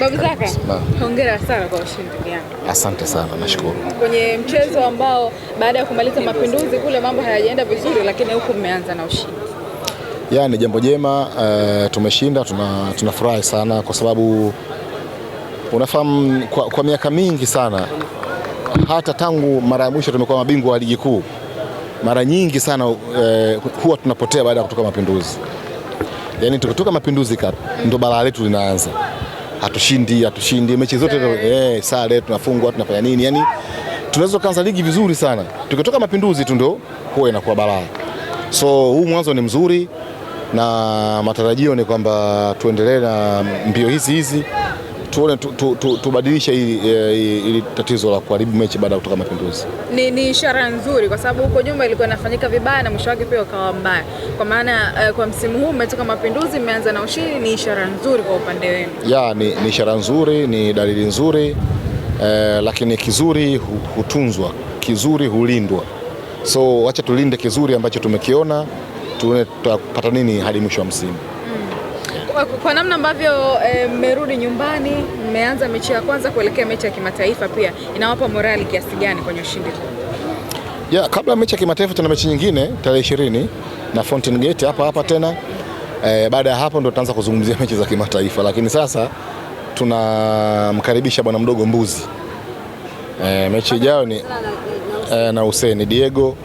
Babu Zaka, hongera sana kwa ushindi wangu. Asante sana, nashukuru. Kwenye mchezo ambao baada ya kumaliza mapinduzi kule mambo hayajaenda vizuri, lakini huku mmeanza na ushindi. ni jambo jema, uh, tumeshinda, tunafurahi tuna sana kwa sababu unafahamu kwa, kwa miaka mingi sana hata tangu mara ya mwisho tumekuwa mabingwa wa ligi kuu mara nyingi sana uh, huwa tunapotea baada ya kutoka mapinduzi. Yaani tukitoka mapinduzi cup ndo balaa letu linaanza hatushindi, hatushindi mechi zote eh, sare tunafungwa, tunafanya nini? Yani tunaweza kuanza ligi vizuri sana, tukitoka mapinduzi tu ndio huwa inakuwa balaa. So huu mwanzo ni mzuri na matarajio ni kwamba tuendelee na mbio hizi hizi tuone tubadilishe e, hili tatizo la kuharibu mechi baada ya kutoka mapinduzi. Ni, ni ishara nzuri kwa sababu huko nyuma ilikuwa inafanyika vibaya na mwisho wake pia ukawa mbaya, kwa maana uh, kwa msimu huu mmetoka mapinduzi, mmeanza na ushindi. Ni ishara nzuri kwa upande wenu ya ni, ni ishara nzuri, ni dalili nzuri uh, lakini kizuri hutunzwa, kizuri hulindwa, so wacha tulinde kizuri ambacho tumekiona, tuone tutapata nini hadi mwisho wa msimu kwa namna ambavyo eh, mmerudi e, nyumbani mmeanza mechi ya kwanza kuelekea mechi ya kimataifa pia inawapa morali kiasi gani kwenye ushindi? huu? Yeah, kabla mechi ya kimataifa tuna mechi nyingine tarehe 20 na Fountain Gate hapa hapa tena e, baada ya hapo ndo tutaanza kuzungumzia mechi za kimataifa, lakini sasa tunamkaribisha bwana mdogo Mbuzi e, mechi ijayo ni na, na na Hussein Diego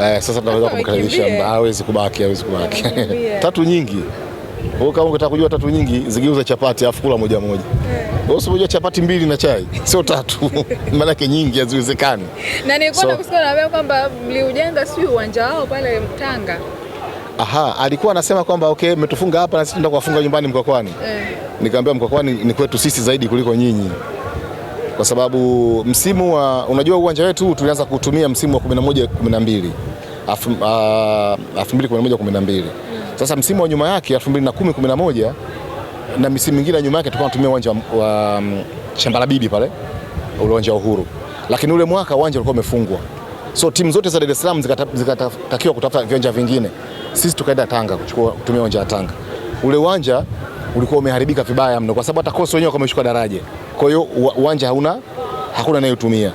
e, sasa tunaweza kumkaribisha, hawezi kubaki, hawezi kubaki tatu nyingi wewe kama ungetaka kujua tatu nyingi zigeuza chapati afu kula moja moja. Eh. Wewe usijua chapati mbili na chai sio tatu. Maana yake nyingi haziwezekani. Na nilikuwa nakusikia unaambia kwamba mliujenga si uwanja wao pale Mtanga. Aha, alikuwa anasema kwamba okay, mmetufunga hapa na sisi tunataka kuwafunga nyumbani Mkwakwani. Eh. Nikamwambia Mkwakwani ni kwetu sisi zaidi kuliko nyinyi. Kwa sababu msimu wa unajua uwanja wetu tulianza kutumia msimu wa 11 12. Afu, 2011 12. Sasa msimu wa nyuma yake 2010 11 na misimu mingine nyuma yake tulikuwa tunatumia uwanja wa um, shamba la bibi pale ule uwanja wa Uhuru, lakini ule mwaka uwanja ulikuwa umefungwa, so timu zote za Dar es Salaam zikatakiwa kutafuta viwanja vingine. Sisi tukaenda Tanga kuchukua kutumia uwanja wa Tanga. Ule uwanja ulikuwa umeharibika vibaya mno, kwa sababu hata kosi wenyewe wameshuka daraja, kwa hiyo uwanja hauna hakuna anayetumia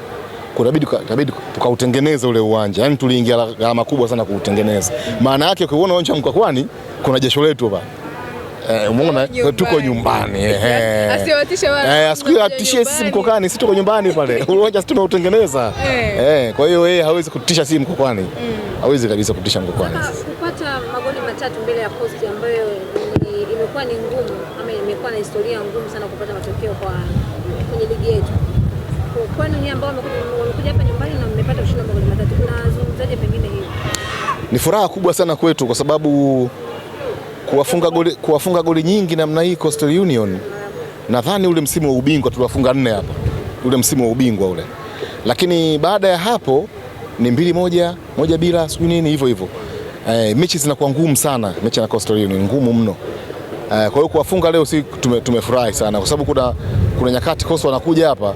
inabidi inabidi tukautengeneze ule uwanja, yani tuliingia gharama kubwa sana kuutengeneza. Maana yake ukiona uwanja Mkwakwani kuna jesho letu hapa Eh, umeona tuko nyumbani eh, eh, asiwatishe wala. eh, asikuatishe sisi Mkokwani, sisi tuko nyumbani pale uwanja sisi tunautengeneza eh. eh. Kwa hiyo yeye hawezi kutisha sisi Mkokwani mm. hawezi kabisa kutisha Mkokwani. Kupata magoli matatu mbele ya posti ambayo imekuwa ni ngumu ama imekuwa na historia ngumu sana kupata matokeo kwa kwenye ligi yetu kwenu nyinyi ambao wamekuja hapa nyumbani na mmepata ushindi wa magoli matatu, unazungumzaje pengine hiyo? Ni furaha kubwa sana kwetu kwa sababu kuwafunga goli, kuwafunga goli nyingi namna hii Coastal Union, nadhani ule msimu wa ubingwa tuliwafunga nne hapa, ule msimu wa ubingwa ule, lakini baada ya hapo ni mbili moja moja bila siku nini hivyo hivyo. E, mechi zinakuwa ngumu sana, mechi na Coastal Union ngumu mno. E, kwa hiyo kuwafunga leo si tumefurahi tume sana kwa sababu kuna, kuna nyakati Coastal wanakuja hapa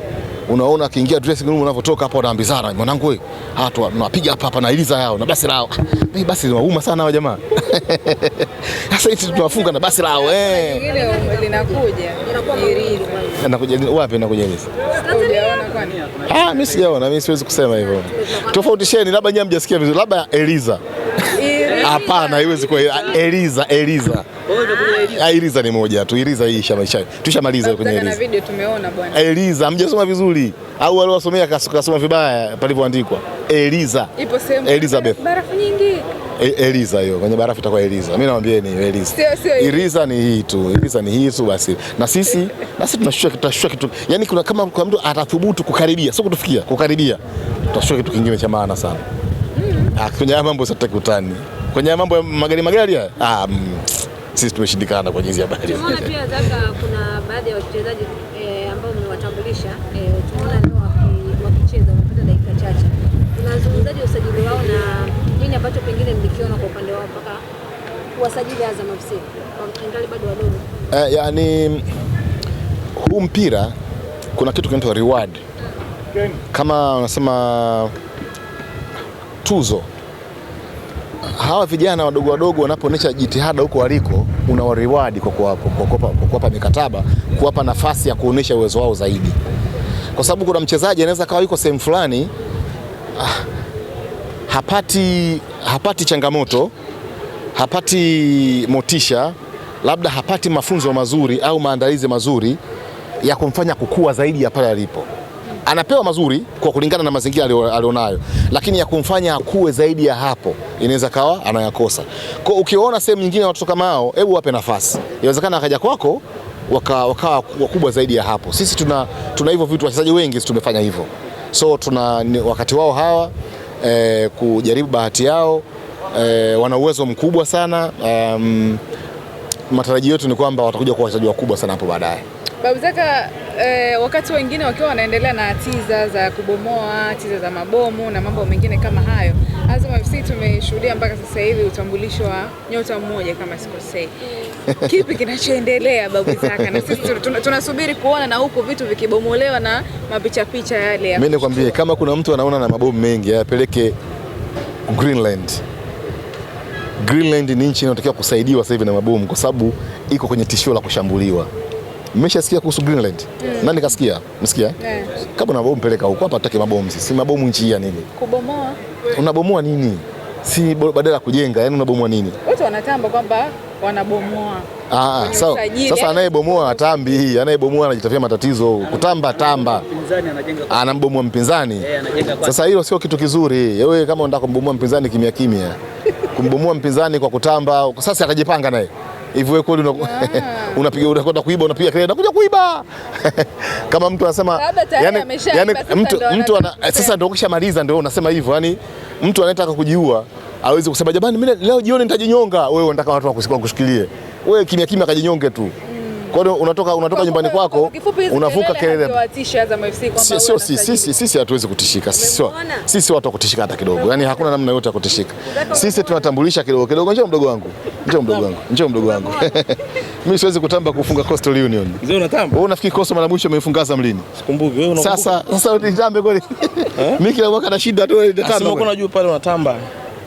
unaona akiingia dressing room unavyotoka hapa, unaambizana mwanangu, wewe hatu tunapiga hapa hapa na iliza yao na basi lao. Mimi basi linauma sana hao jamaa. Sasa hivi tunafunga na basi lao eh, linakuja inakuja wapi? inakuja iliza. Ah, mimi sijaona, mimi siwezi kusema hivyo. Tofautisheni, labda nyinyi mjasikia vizuri, labda Eliza. Hapana, haiwezi kuwa Eliza, Eliza. Iliza ah, ni moja tu, Iliza hii tushamaliza kwenye Iliza. Na video tumeona bwana. Iliza ah, mjasoma vizuri au wale wasomea kasoma vibaya palivyoandikwa Eliza. Ipo sehemu Elizabeth. Barafu nyingi. E, Eliza hiyo kwenye barafu itakuwa Eliza. Mimi naambia ni Eliza. Eliza ni hii tu. Eliza ni hii tu basi. Na sisi na sisi tunashusha tutashusha kitu. Yaani kuna kama kwa mtu atathubutu kukaribia, sio kutufikia, kukaribia. Tutashusha kitu kingine cha maana sana. Mm. Ah, kwenye mambo sasa tutakutani. Kwenye mambo ya magari magari haya. Ah, mm sisi tumeshindikana kwa jinsi ya bahari. Tumeona pia Zaka, kuna baadhi ya wachezaji eh, ambao mmewatambulisha e, tumeona leo wakicheza wamepata dakika chache. Tunazungumzaje usajili wao na nini ambacho pengine mlikiona kwa upande wao mpaka kuwasajili Azam FC wangali bado wadogo? Eh, yani huu mpira kuna kitu kinaitwa reward hmm. kama unasema tuzo hawa vijana wadogo wadogo wanapoonyesha jitihada huko waliko, una wariwadi kwa kuwapa mikataba, kuwapa nafasi ya kuonyesha uwezo wao zaidi, kwa sababu kuna mchezaji anaweza kawa yuko sehemu fulani ah, hapati, hapati changamoto, hapati motisha, labda hapati mafunzo mazuri au maandalizi mazuri ya kumfanya kukua zaidi ya pale alipo anapewa mazuri kwa kulingana na mazingira alionayo, lakini ya kumfanya akue zaidi ya hapo inaweza kawa anayakosa. Kwa ukiwaona sehemu nyingine watoto kama hao, hebu wape nafasi, inawezekana akaja kwako wakawa waka wakubwa zaidi ya hapo. Sisi tuna, tuna hivyo vitu, wachezaji wengi tumefanya hivyo, so tuna wakati wao hawa eh, kujaribu bahati yao eh, wana uwezo mkubwa sana um, matarajio yetu ni kwamba watakuja kuwa wachezaji wakubwa sana hapo baadaye. Zaka eh, wakati wengine wakiwa wanaendelea na tiza za kubomoa, tiza za mabomu na mambo mengine kama hayo, Azam FC tumeshuhudia mpaka sasa hivi utambulisho wa nyota mmoja kama sikosei. Kipi kinachoendelea Zaka? Na sisi tunasubiri kuona na huku vitu vikibomolewa na mapichapicha yale Mimi nikwambie kama kuna mtu anaona na mabomu mengi apeleke Greenland. Greenland ni nchi inayotakiwa kusaidiwa sasa hivi na mabomu kwa sababu iko kwenye tishio la kushambuliwa. Mmeshasikia kuhusu Greenland? Mm. Nani kasikia? Msikia? Yeah. Kama unabomu bomu peleka huko, hapa tutake mabomu sisi. Si mabomu nchi nini? Kubomoa. Unabomoa nini? Si badala ya kujenga, yani unabomoa nini? Watu wanatamba kwamba wanabomoa. Ah, ah sawa. Sasa anayebomoa atambi hii, anayebomoa anajitafia matatizo, kutamba tamba. Anambomoa mpinzani. Eh, sasa hilo sio kitu kizuri. Wewe kama unataka kumbomoa mpinzani kimya kimya. Kumbomoa mpinzani kwa kutamba, sasa akajipanga naye hivyo kweli ah. unapiga unakwenda kuiba, unapiga kelele nakuja kuiba kama mtu anasema yani, yani, mtu, mtu ana, sasa ndio ukishamaliza ndio unasema hivyo yani, mtu anataka kujiua awezi kusema jamani, mimi leo jioni nitajinyonga. Wewe unataka watu wakushikilie wewe, kimya kimya kajinyonge tu. Mm. Kwa hiyo unatoka unatoka nyumbani kwako unavuka kelele. Sio sisi sisi hatuwezi kutishika, sisi watu wa kutishika hata kidogo, yani hakuna namna yote ya kutishika. Sisi tunatambulisha kidogo kidogo. Njoo mdogo wangu Njoo mdogo wangu, njoo mdogo wangu. Mimi siwezi kutamba kufunga Coastal Union. Wewe unatamba? Wewe unafikiri Coastal mara mwisho ameifungaza mlini? Sikumbuki. Wewe unakumbuka? Sasa sasa unitambe kweli. Eh? Mimi kila mwaka na shida tu ile tano. Sasa mbona unajua pale unatamba?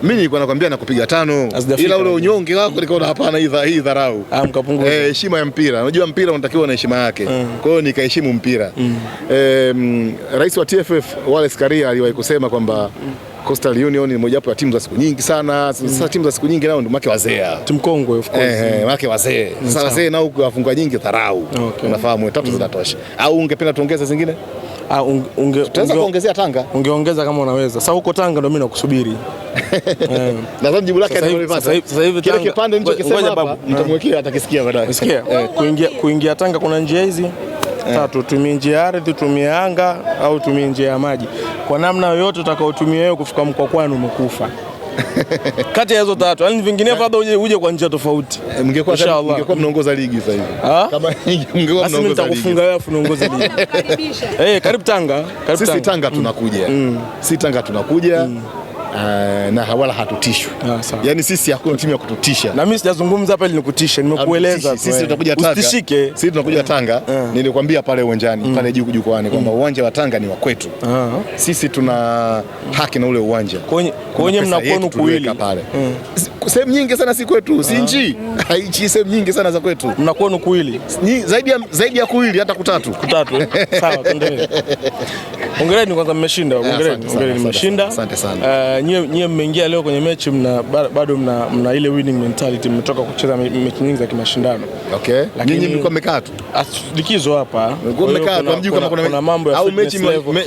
Mimi nilikuwa nakwambia nakupiga tano. Ila ule unyonge wako nikaona hapana, hii hii dharau. Ah, mkapunguza. Eh, heshima ya mpira. Unajua mpira unatakiwa na heshima yake. Mm. Kwa hiyo nikaheshimu mpira. Eh, Rais wa TFF Wallace Karia aliwahi kusema kwamba mm. Coastal Union ni mojawapo ya timu za siku nyingi sana. Sasa mm. timu za siku nyingi nao ndio make wazee. Timu kongwe of course. Eh, make wazee. Mm, sasa wazee nao kuwafunga nyingi dharau. Okay. Unafahamu tatu mm. zinatosha. Au ungependa tuongeze zingine? Ah, unge, tunaweza kuongezea Tanga. Ungeongeza kama unaweza. Sasa huko Tanga ndio mimi nakusubiri. Eh. Nadhani jibu lake nimepata. Sasa hivi kile kipande nilichokisema hapa nitamwekea atakisikia baadaye. Sikia. Eh. Oh, kuingia kuingia Tanga kuna njia hizi eh. tatu, tumie njia ya ardhi, tumie anga au tumie njia ya maji kwa namna yoyote utakayotumia wewe kufika mkoa kwani umekufa. Kati ya hizo tatu, yani vinginevyo labda uje uje kwa njia tofauti. Eh, mngekuwa mngekuwa mnaongoza ligi sasa hivi. Kama mngekuwa mnaongoza ligi. nitakufunga wewe afu unaongoza ligi. Eh, karibu Tanga, karibu Tanga. Mm. Sisi Tanga tunakuja. Sisi Tanga tunakuja. Eh, na wala hatutishwi ah, yani sisi hakuna timu ya kututisha, na mimi sijazungumza hapa ili nikutishe, nimekueleza sisi eh. tutakuja Tanga, usitishike. Sisi tunakuja eh. Tanga, nilikwambia pale uwanjani mm. pale juu jukwani kwamba mm. uwanja wa Tanga ni wa kwetu ah. Sisi tuna haki na ule uwanja kwenye mnakwenu kuili pale mm sehemu nyingi sana si kwetu, si ah. nchi haichi, sehemu nyingi sana za kwetu. Mnakuwa ni kuili zaidi ya, zaidi ya kuili hata kutatu kutatu. Eh? Sawa, tuendelee. Hongereni kwanza, mmeshinda. Ah, hongereni, hongereni, mmeshinda. Asante sana. Eh, nyie nyie mmeingia leo kwenye mechi mna bado mna, mna ile winning mentality, mmetoka kucheza mechi nyingi za kimashindano. Okay, Lakini nyinyi mlikuwa mmekaa tu likizo hapa, mlikuwa mmekaa tu, hamjui kama kuna mambo ya au mechi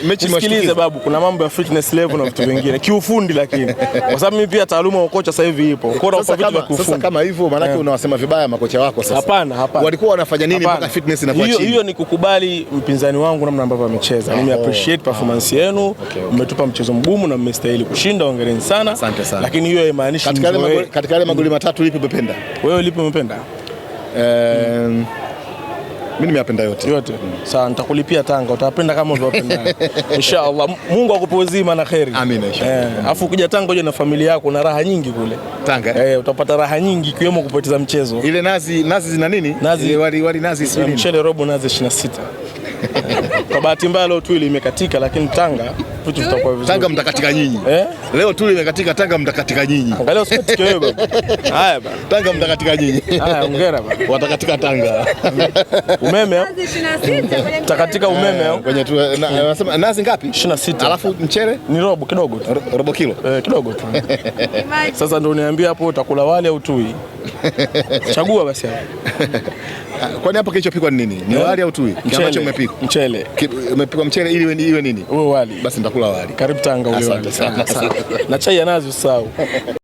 mechi. Msikilize babu, kuna mambo ya fitness level na vitu vingine kiufundi, lakini kwa sababu mimi pia taaluma ya kocha sasa hivi ipo wako. Sasa kama hivyo maanake yeah. Unawasema vibaya makocha wako sasa. Hapana, hapana. Walikuwa wanafanya nini mpaka fitness inakuwa chini? Hiyo ni kukubali mpinzani wangu namna ambavyo amecheza. Mimi appreciate performance yenu. Okay, Mmetupa mchezo mgumu na mmestahili kushinda, hongereni sana. Asante sana. Lakini hiyo haimaanishi katika yale magoli matatu lipi umependa? Wewe lipi umependa? Eh mimi nimeyapenda yote. Yote. Mm. Sawa, nitakulipia Tanga. Utapenda kama ulivyopenda. Inshallah. Mungu akupe uzima na kheri. Amina inshallah. Eh, afu ukija Tanga uje na familia yako na raha nyingi kule. Tanga. Eh? eh, utapata raha nyingi ikiwemo kupoteza mchezo. Ile nazi, nazi zina nini? Nazi. wali, wali nazi 20. Eh, mchele robo nazi 26. Kwa bahati mbaya leo tu imekatika, lakini Tanga vitu vitakuwa vizuri. Tanga mtakatika nyinyi eh? Leo tu ile imekatika, Tanga mtakatika nyinyi. Angalia usikatike wewe baba. Haya baba, Tanga mtakatika nyinyi. Haya, hongera baba, watakatika Tanga umeme mtakatika umeme au kwenye tu nasema nazi ngapi? 26 alafu mchere ni robo kidogo tu, robo kilo eh, kidogo tu. Sasa ndio niambia hapo, utakula wali au tui? Chagua basi hapo. Kwani hapa kilichopikwa ni nini? Ni eh, wali au tui? Kile Ambacho umepika. Mchele. Umepika mchele ili iwe nini? Uwe wali. Basi nitakula wali. Karibu Tanga ule wali. Asante sana. Na chai ya nazi usahau.